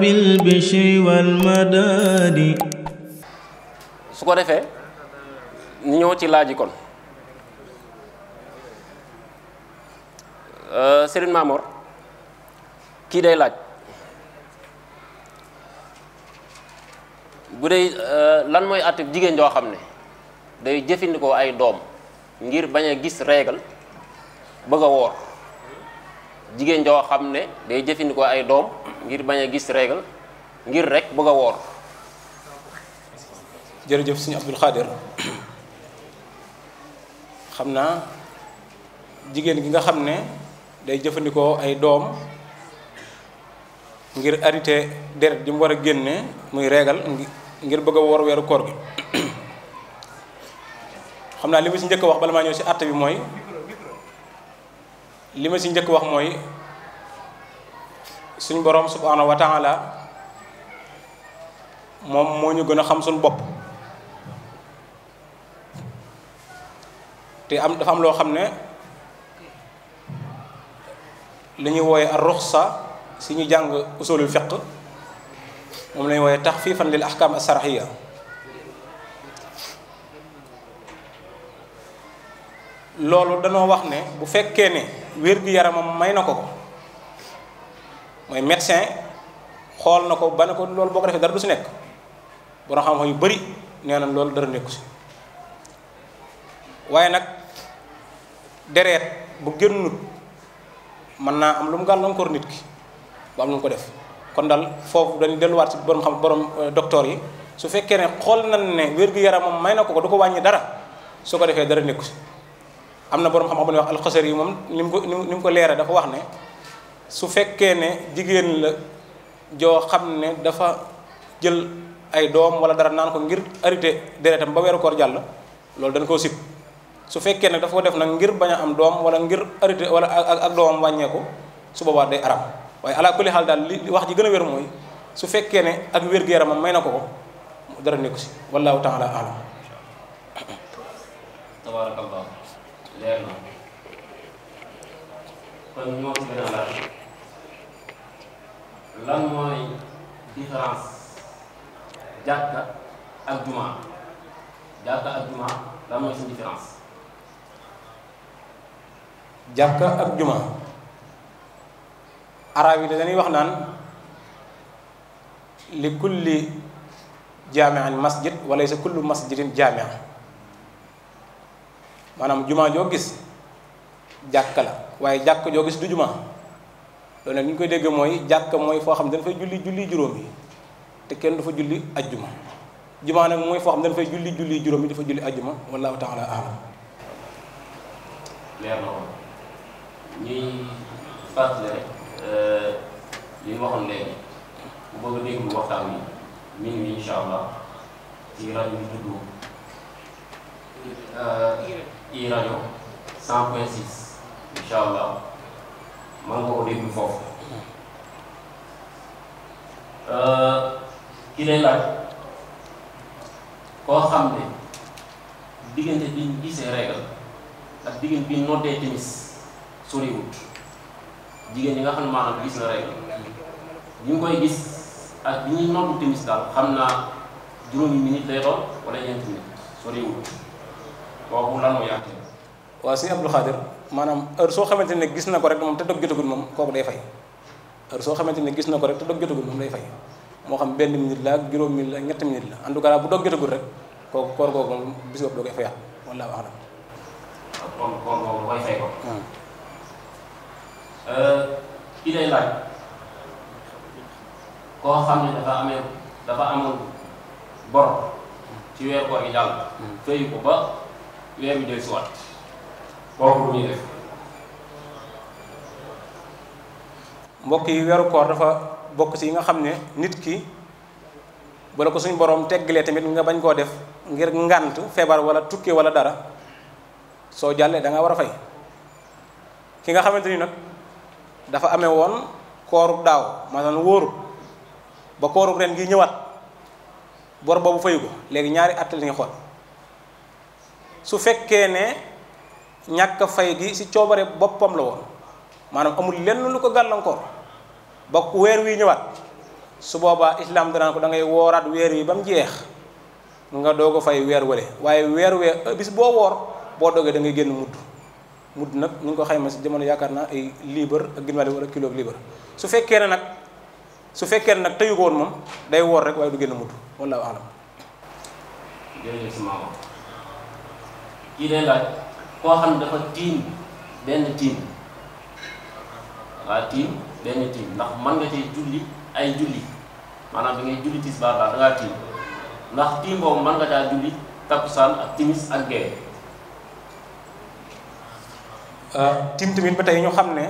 بالبشر والمداد su ko defee ñu ñëw ci laaj yi kon euh, Serigne Mamor kii day laaj bu dee euh, lan mooy àtte jigéen joo xam ne day jëfandikoo ay doom ngir bañ a gis régal bëgg a woor jigéen joo xam ne day jëfandikoo ay doom ngir bañ a gis règle ngir rek bëgg a woor jërëjëf suñu Abdul Xaadir xam naa jigéen gi nga xam ne day jëfandikoo ay doom ngir arrêté deret ji mu war a génne muy reegal ngir bëgg a woor weeru koor gi xam naa li ma si njëkk wax bala maa ñëw si àtt bi mooy li ma si njëkk wax mooy suñ borom subhanahu wa taala moom moo ñu gën a xam suñ bopp te am dafa am loo xam ne li ñuy wooye ar ruxsa si ñu jàng usulul fiq moom la ñuy wooye taxfifan lil ahkam asaraxiya loolu danoo wax ne bu fekkee ne wér-gu-yaramam may na ko ko mooy médecin xool na ko ba ne ko loolu boo ko defee dara du si nekk borom xam-xam yu bari nee na loolu dara nekku si waaye nag dereet bu gën génnut mën naa am lu mu gàllankoor nit ki bu am lu mu ko def kon dal foofu dañu delluwaat si borom xam borom euh, docteur yi su fekkee ne xool nañ ne wér-gu-yaramam may na ko ko du ko wàññi dara su ko defee dara nekku si am na borom xam-xam bu ñuy wax alxasar yi moom ni mu ko ni mu ko leera dafa wax ne su fekkee ne jigéen la joo xam ne dafa jël ay doom wala dara naan ko ngir arité deretam ba weeru koor jàll loolu dañ koo sib su fekkee ne dafa ko def nag ngir bañ a am doom wala ngir arité wala ak doomam wàññeeku su boobaa day aram waaye ala kulli xaal daal li wax ji gën a wér mooy su fekkee ne ak wér-gu-yaramam may na ko ko dara nekku si wallahu taala alam lan mooy différence jàkka ak jumaa jàkka ak jumaa lan mooy seen différence. jàkka ak jumaa arab yi dañuy wax naan li kulli jaami'an masjid wala sa kullu masjidin jaami'a maanaam jumaa joo gis jàkka la waaye jàkka joo gis du jumaa. loolu nag li ñu koy déggee mooy jàkk mooy foo xam ne dañu fay julli julli juróom yi te kenn du fa julli ajjuma jumaa nag mooy foo xam ne dañu fay julli julli juróom yi dafa julli ajjuma wallaahu taala aalam. leer na ko ñuy fàttali rek euh, li ñu waxoon léegi bu bëgg a déglu waxtaan bi min wi incha allah ci rajo bi tudd i rajo 100.6 incha allah. ma nga ko déglu foofu ki day koo xam ne diggante bi ñu gisee régal ak diggante bi noddee timis soriwut jigéen ñi nga xam ne maanaam gis na régal ñu ngi koy gis ak bi ñuy timis daal xam naa juróomi minute lay doon wala ñeenti minute soriwut kooku lan mooy àtte waaw si Abdou Khadir maanaam heure soo xamante ne gis na ko rek moom te dog jotagul moom kooku day fay heure soo xamante ne gis na ko rek te dog jotagul moom day fay moo xam benn minute la ak la ñetti minute la en tout cas bu dog jotagul rek kooku koor googu moom bis boobu doo ko. Hmm. Euh, ki dafa amee weer koor gi jàll. Hmm. kooku mbokk yi weeru koor dafa bokk ci yi nga xam ne nit ki bu ko suñu boroom teggalee tamit nga bañ koo def ngir ngànt feebar wala tukki wala dara soo jàllee da nga war a fay ki nga xamante ni nag dafa amee woon kooru daaw maanaam wóoru ba kooru ren gi ñëwaat bor boobu fayu ko léegi ñaari at li nga xool su fekkee ne ñàkk fay gi si coobare boppam la woon maanaam amul lenn lu ko gàllankoor ba weer wi ñëwaat su boobaa islaam danaa ko da ngay wooraat weer wi ba mu jeex nga doog a fay weer wale waaye weer wee bis boo woor boo dogee da ngay génn mudd mudd nag ñu ngi ko xayma si jamono yaakaar naa ay liibar ak ginnaar wala kilo ak liibar su fekkee ne nag su fekkee ne nag tëyu ko woon moom day woor rek waaye du génn mudd wallaahu alam jërëjëf koo xam ne dafa tiim benn tiim dangaa tiim benn tiim ndax mën nga cee julli ay julli maanaam bi ngay julli tisbaar daal dangaa tiim ndax tiim boobu mën nga caa julli takkusaan ak timis ak gee euh, tiim tamit ba tey ñu xam ne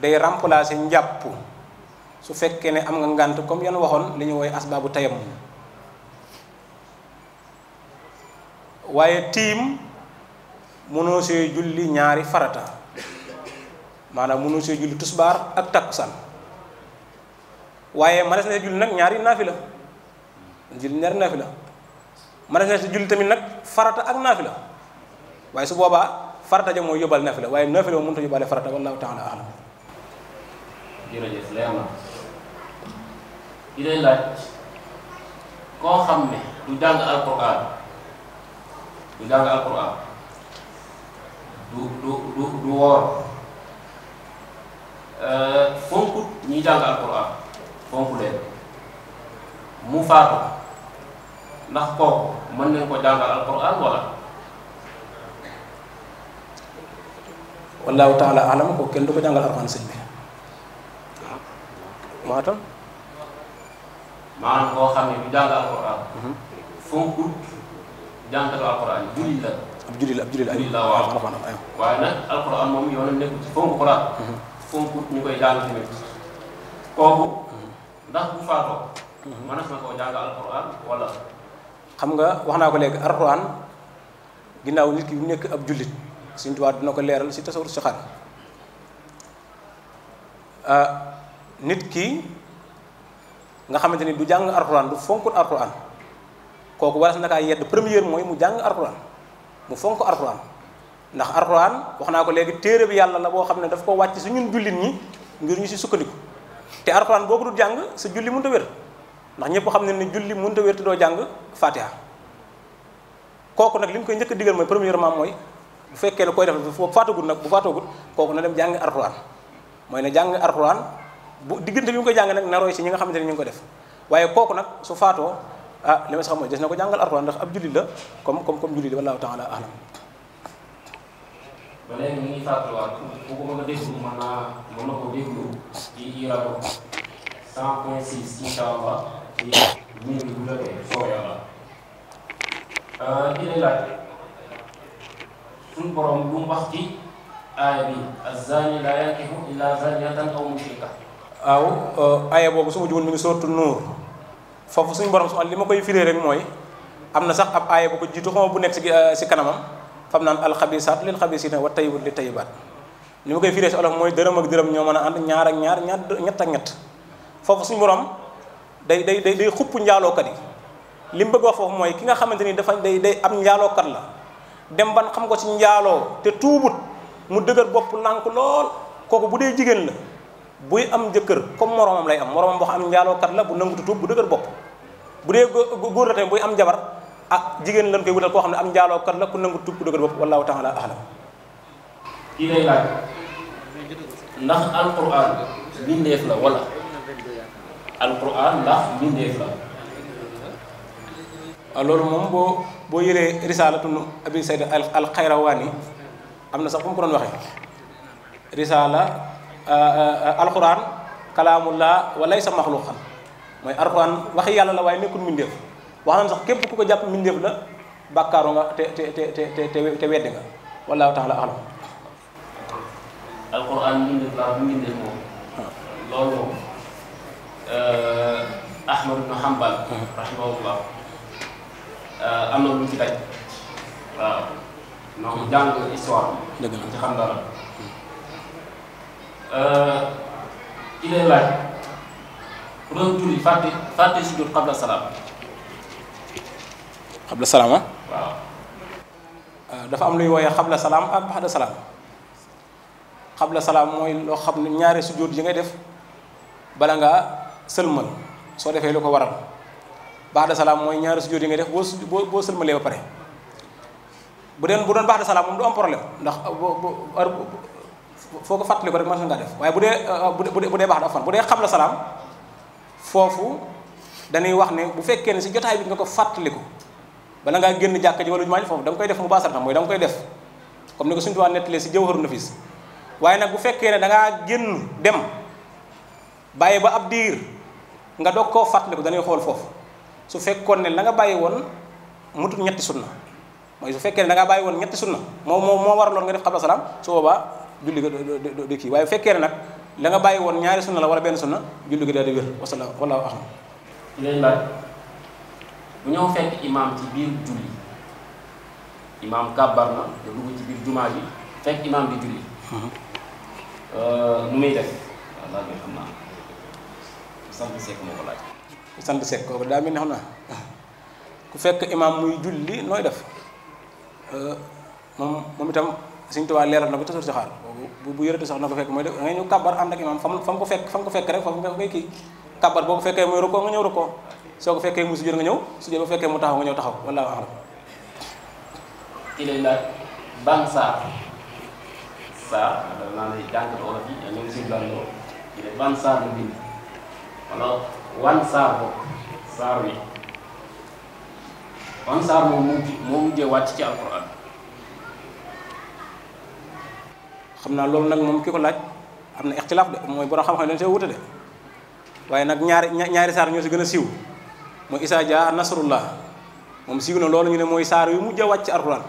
day remplacer njàpp su fekkee ne am nga ngànt comme yan waxoon li ñu woowee asbaabu tayammum waaye tiim mënoo see julli ñaari farata maanaam mënoo see julli tusbaar ak takkusaan waaye mënees na si julli nag ñaari naafila la ñaari naafila mënees na si julli tamit nag farata ak naafila waaye su boobaa farata ja mooy yóbbaale la waaye naafila moom mënut a yóbbaale farata wallaahu taala na ki lay laaj koo xam ne du jàng alquran du jàng alquran. du du du woor äh, fonk ñi jàng alquran fonk mu faatu ndax kooku mën nañ ko jàngal alquran wala wallahu taala alam ko kenn du ko jàngal alquran sëñ bi maa tam maanaam xam ne du jàng alquran mhm. fonkut jàngal alquran julli la ab jullit la ab jullit la ay alxuraan ay waaye nag alxuraan moom yoonam nekkul mhm. mhm. jàng alxuraan wala xam nga wax naa ko léegi alxuraan ginnaaw nit ki bu nekk ab jullit Sëñ Tuubaa dina ko leeral si tasawur si xar ah, nit ki nga xamante ni du jàng alxuraan du fonkut alxuraan kooku waras na kaa yedd première mooy mu jàng alxuraan bu fonk alxuraan ndax alxuraan wax naa ko léegi téere bi yàlla la boo xam ne daf ko wàcc su ñun jullit ñi ngir ñu si sukkandiku te alxuraan boo ko dul jàng sa julli mënut ta wér ndax ñëpp xam ne ne julli mënut a wér te doo jàng fatiha kooku nag li mu koy njëkk a digal mooy premièrement mooy bu fekkee ne koy def nag bu faatagul kooku na dem jàng alxuraan mooy ne jàng alxuraan bu diggante bi mu koy jàng nag narooy si ñi nga xamante ne ñu ngi ko def waaye kooku nag su faatoo ah li ma si des na ko jàngal alxuraan ndax ab jullit la comme comme jullit wallaahu taala alam ba léegi ñu ngi fàttaliwaat ku a déglu ko déglu ci rajo euh, euh, boobu su ma jugoon mi ngi sootu nuur. foofu suñu borom subhaanahu li ma koy firee rek mooy am na sax ab aaya bu ko jiitu bu nekk si si euh, kanamam fam naan alxabisaat lil xabisiina wa tayibat li tayibaat li ma koy firee si mooy dërëm ak dërëm ñoo mën a ànd ñaar ñaar ñaar ñett ak ñett suñu borom day day day day xupp njaalookat yi li mu bëgg foofu mooy ki nga xamante ni dafa day day am njaalookat la dem ban xam ko si njaaloo te tuubut mu dëgër bopp lànk lool kooku bu dee jigéen la buy am jëkkër comme moromam lay am moromam boo xam ne kat la bu nangutu tuub bu dëgër bopp bu dee góor la tamit buy am jabar ah jigéen lañ koy wutal koo xam ne am njaalookat la ku nangutu tuub bu dëgër bopp wallahu taala ahlam ah, loolu moom boo boo yëree am na sax fu mu ko doon waxee risaala Euh, euh, alquran kalaamullah wa laysa maxluqan mooy alquran waxi yàlla la waaye nekkul mbindeef wax nañ sax képp ku ko jàpp mbindeef la bàkkaaru nga te te te te te weddi nga wallaahu taala alam. alquran mbindeef laa bu moom. loolu moom euh, Ahmad ibn Hanbal am na lu ci daj waaw donc jàng histoire. dëgg la ci xam dara. ci leen laaj ku doon julli fàtte fàtte sujjóot xabla salaam. xabla salaam waaw. dafa am luy xab la salaam ak baxda salaam la salaam mooy loo xam ne ñaari sujjóot yi ngay def bala ngaa sëlmal soo defee lu ko waral baxda salaam mooy ñaari sujjóot yi ngay def boo boo boo sëlmalee ba pare bu deen bu doon baxda salaam moom du am problème ndax foo ko fàttali ko rek mën nga def waaye bu dee euh, bu dee bu dee baax dafa fan bu dee xam la salaam foofu dañuy wax ne bu fekkee ne si jotaay bi nga ko fàttaliku bala ngaa génn jàkk ji wala ñu maañ foofu da koy def mu baasarta mooy da nga koy def comme ni ko suñu tubaab nettalee si jawharu nafis waaye nag bu fekkee ne da génn dem ba ab diir nga doog koo fàttaliku dañuy xool foofu su fekkoon ne la nga bàyyi woon mutul ñetti sunna mooy su fekkee ne da bàyyi woon ñetti na moo moo moo waraloon nga def xabla salaam su boobaa julli ga du waaye fekkee ne nag la nga bàyyi woon ñaari sunna la wala benn sunna julli ga daal di wér wasalaam wallaahu axam leen laaj bu ñëw fekk imaam ci biir julli imaam kàbbar na da dugg ci biir jumaa ji fekk imaam di julli bi mhm. euh, xam naa sant sekk moo ko laaj ku fekk imaam muy julli nooy def euh, moom moom itam Sëñ Tuubaa leeral na ko tasul si xaar bu bu yëretu sax na ko fekk mooy da ngay ñëw kàbbar ànd ak imaam fam fam ko fekk fam ko fekk rek fam ngay kii kàbbar boo ko fekkee mooy rukkoo nga ñëw rukkoo soo ko fekkee mu sujjóot nga ñëw sujjóot boo fekkee mu taxaw nga ñëw taxaw wallaahu a'lam ki lay laaj ban saar saar naa lay jàngat wolof yi ñu ngi si jàngoo ki lay ban saar la bind wala wan saar boobu saar wi wan saar moom moo mujjee wàcc ci alquran xam na loolu nag moom ki ko laaj am na ixtilaaf de mooy borom xam-xam dañ see wute de waaye nag ñaari ñaari saar ñoo si gën a siiw mooy isaa jaa nasrullah moom siiw na loolu ñu ne mooy saar yu mujj a wàcc alxuraan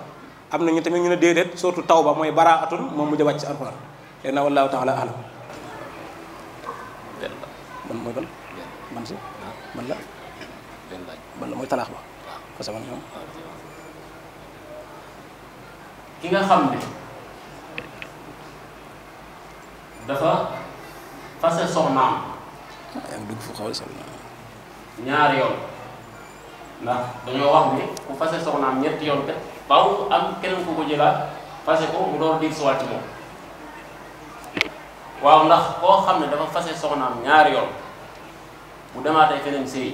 am na ñu tamit ñu ne déedéet taw ba mooy baraatun moom mujj a wàcc alxuraan léegi nag wallahu taala alam man mooy ban man la man mooy talaax ba parce que man ki nga xam ne dafa fase soxnaam. yaa ngi yoon ndax dañoo wax ni ku fase soxnaam ñetti yoon te baaw am keneen ku ko jëlaat fase ko mu door diir suwaat ci moom waaw ndax koo xam ne dafa fase soxnaam ñaari yoon bu demaatee feneen sëy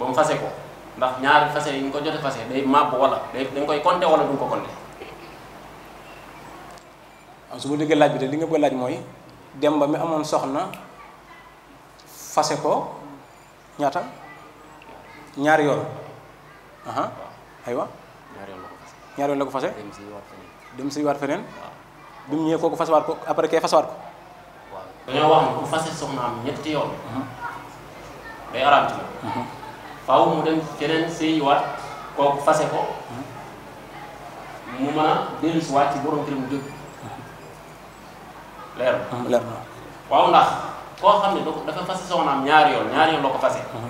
ba mu fase ko ndax ñaar fase yi ñu ko jote fase day màbb wala day dañ koy compter wala duñ ko compter. am su ma déggee laaj bi de li nga bëgg laaj mooy Demba mi amoon soxna fase ko ñaata ñaari yoon aywa ñaari yoon la ko fase dem si waat feneen bi mu ñëwee kooku fasewaat ko après kay fasewaat ko dañoo wax ne ku fase soxnaam ñetti yoon day araam ci moom faaw mu dem keneen sëy waat kooku fase ko mu mën a dellusi waat ci borom këram jóg leer na ah, leer waaw ndax koo xam ne dafa fase soxnaam ñaari yoon ñaari yoon la ko fase ah.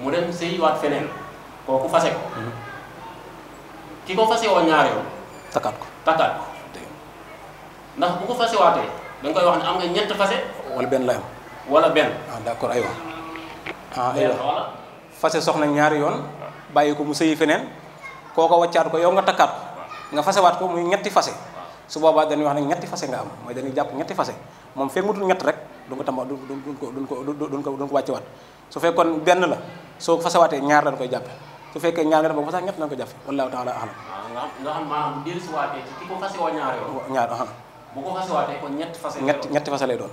mu dem sëyiwaat feneen kooku fase ko mm-hmm. ki ko fase woon yoon bu ko fasewaatee da nga koy wax ne am nga ñett fase wala benn wala benn ah d'accord ah, ñaari yoon bàyyi ko mu sëyi feneen kooko waccaat ko yow nga takkaat ko nga fasewaat ko muy ñetti fase su boobaa dañuy wax na ñetti fase nga am mooy dañuy jàpp ñetti fase moom fekk mutul ñett rek duñ ko tamba duñ ko duñ ko duñ ko duñ ko wàcce waat su fekkoon benn la soo fasewaatee ñaar dañ koy jàpp su fekkee ñaar nga def boobu sax ñett dañ ko jàppe wallahu taala ahlam nga xam maanaam bu dellusiwaatee ci ki ko fasewoo ñetti fase lay doon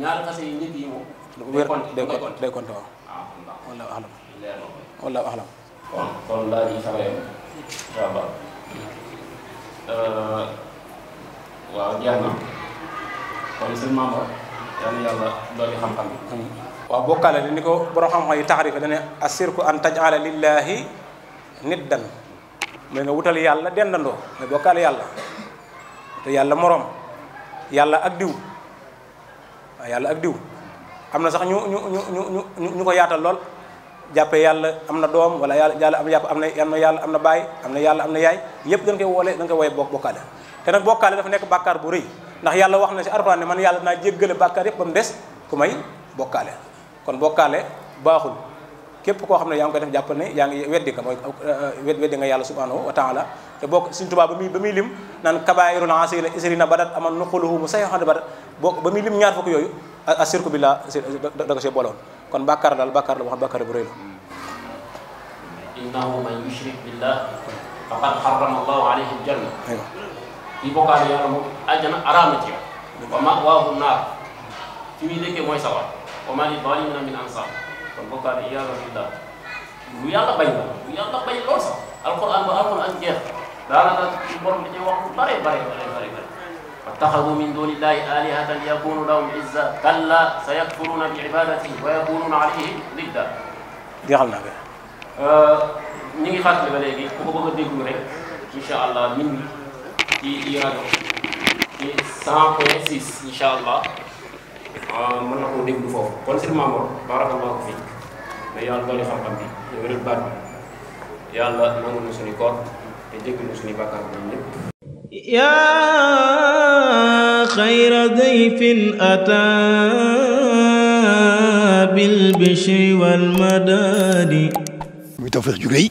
ñaari fase yi njëkk yi moom wér day compte day compte waaw ah, wallahu ahlam wallahu ahlam kon kon laaj yi waaw jeex na kon sëñ Mamour yal yàlla dooli xam-xam bi waaw bokkaale li ni ko borom xam-xam yi taxarife dane asirku an tajala lillahi niddan mooy nga wutal yàlla dendandoo mooy bokkaale yàlla te yàlla moroom yàlla ak diw waaw yàlla ak diw am na sax ñu ñu ñu ñu ñu ñu ko yaatal lool jàppee yàlla am na doom wala yàlla yàlla am yàpp am na yàlla am na baay am na yàlla am na yaay yëpp dañ koy woole dañ koy wooye bokkaale te nag bokkaale dafa nekk bàkkaar bu rëy ndax yàlla wax na si alxuraan ne man yàlla naa jéggale bàkkaar yépp ba mu des ku may bokkaale kon bokkaale baaxul képp koo xam ne yaa ngi koy def jàppal ne yaa ngi weddi nga mooy euh, weddi nga yàlla subhanahu wa taala te bokk suñ tubaab ba muy ba muy lim naan kabairul asila isrina badat aman nuquluhu mu sayxande badat boo ba muy lim ñaar fukk yooyu asirku bi la da nga see boloon kon bàkkaar daal bàkkaar la wax bàkkaar bu rëy la di bokkaale yàlla moom aljana araam na ci yow wa ma'waahu naar fi muy nekkee mooy sawar wa maa lizaalimiina min ansaar kon bokkaale yàlla bi daal lu yàlla bañ la lu yàlla bañ lool sax alquran ba alquran jeex daanaka borom da cee wax lu bare bare bare bare bare واتخذوا من دون الله آلهة ليكونوا لهم عزا كلا سيكفرون بعبادته ويكونون عليه ضدا jeexal naa ko ñu ngi fàttali ba léegi ku ko bëgg a déglu rek incha allah min ci rajo ci 100 point 6 incha allah ah, mën na koo déglu foofu kon sëñ Mamour barakallahu fiik mais yàlla doole xam-xam bi ñu wéral baat bi yàlla nangu na suñu koor te jéggal na suñu bàkkaar bi ñëpp yaa xayra dayfin ataa bil bishri wal madaadi muy Tawfekh jugee